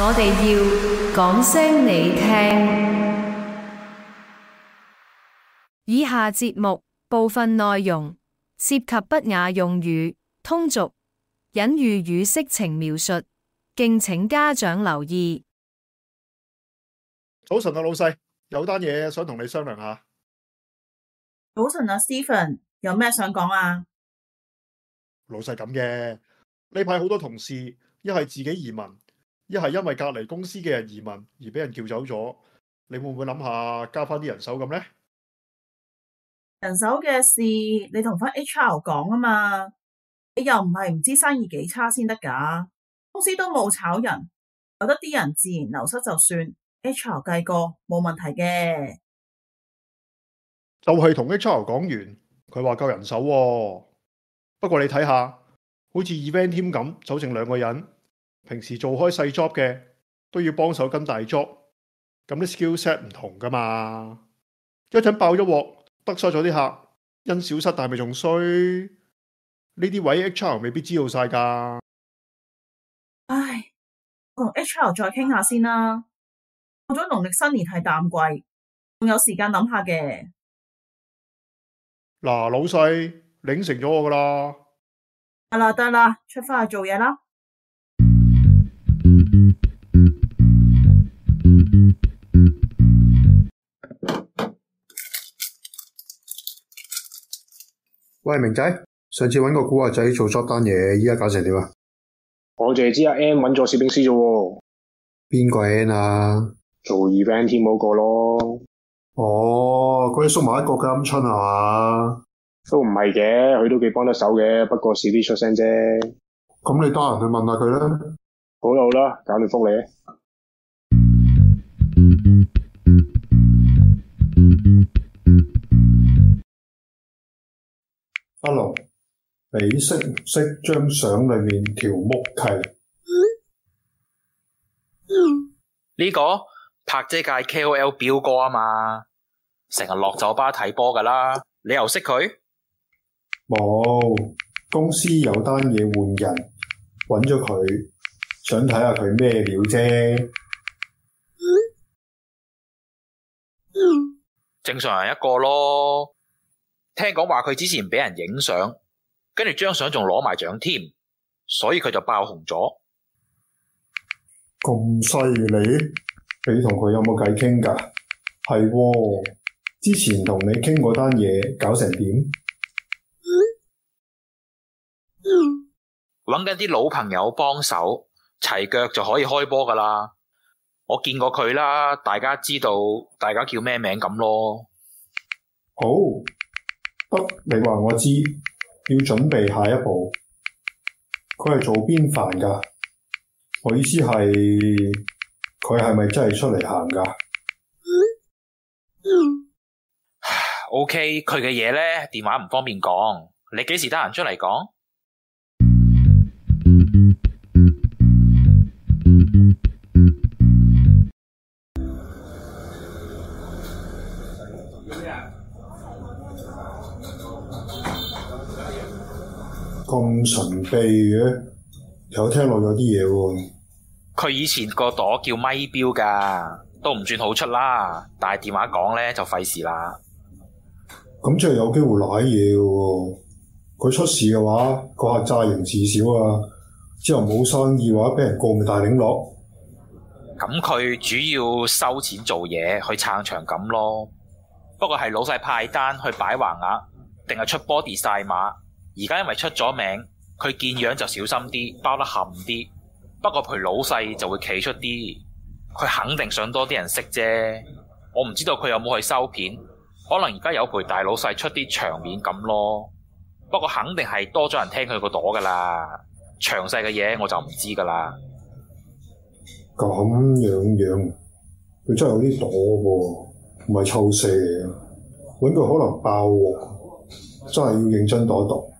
我哋要講聲你聽，以下節目部分內容涉及不雅用語、通俗隱喻與色情描述，敬請家長留意。早晨啊，老細，有單嘢想同你商量下。早晨啊，Stephen，有咩想講啊？Steven, 啊老細咁嘅，呢排好多同事一係自己移民。一係因為隔離公司嘅人移民而俾人叫走咗，你會唔會諗下加翻啲人手咁呢？人手嘅事，你同翻 HR 講啊嘛，你又唔係唔知生意幾差先得噶？公司都冇炒人，有得啲人自然流失就算，HR 計過冇問題嘅。就係同 HR 講完，佢話夠人手喎，哦，不過你睇下，好似 event team 咁，走剩兩個人。平時做開細 job 嘅都要幫手跟大 job，咁啲 skillset 唔同噶嘛。一陣爆咗鑊，得罪咗啲客，因小失大咪仲衰。呢啲位 HR 未必知道晒噶。唉，同 HR 再傾下先啦。過咗農曆新年係淡季，仲有時間諗下嘅。嗱，老細，領承咗我噶啦。得啦，得啦，出翻去做嘢啦。喂，明仔，上次搵個古惑仔做 job 單嘢，依家搞成點啊？我淨係知阿 N 搵咗攝影師啫。邊個 N 啊？做 event 添嗰個咯。哦，佢啲縮埋一角嘅鵪鶉係嘛？都唔係嘅，佢都幾幫得手嘅，不過史兵出聲啫。咁你得閒去問下佢啦。好啦好啦，搞掂福利。你識唔識張相裏面條木契？呢、這個泊車界 KOL 表哥啊嘛，成日落酒吧睇波㗎啦，你又識佢？冇、哦，公司有單嘢換人，揾咗佢，想睇下佢咩料啫。正常人一個咯。聽講話佢之前俾人影相，跟住張相仲攞埋獎添，所以佢就爆紅咗。咁犀利，你同佢有冇計傾噶？係，之前同你傾嗰單嘢搞成點？揾緊啲老朋友幫手，齊腳就可以開波噶啦。我見過佢啦，大家知道大家叫咩名咁咯。好。Oh. 不，你話我知，要準備下一步。佢係做邊飯㗎？我意思係，佢係咪真係出嚟行㗎？OK，佢嘅嘢呢，電話唔方便講，你幾時得閑出嚟講？咁神秘嘅，條友聽落有啲嘢喎。佢以前個朵叫咪表噶，都唔算好出啦。但係電話講咧就費事啦。咁即係有機會瀨嘢嘅喎。佢出事嘅話，個客詐盈至少啊。之後冇生意嘅話，俾人過咪大領落。咁佢主要收錢做嘢，去撐場咁咯。不過係老細派單去擺橫額，定係出 body 晒馬，啊。而家因為出咗名，佢見樣就小心啲，包得冚啲。不過陪老細就會企出啲，佢肯定想多啲人識啫。我唔知道佢有冇去收片，可能而家有陪大老細出啲場面咁咯。不過肯定係多咗人聽佢個朵㗎喇。詳細嘅嘢我就唔知㗎喇。咁樣樣，佢真係有啲朵喎，唔係臭四嚟嘅。本佢可能爆喎，真係要認真朵一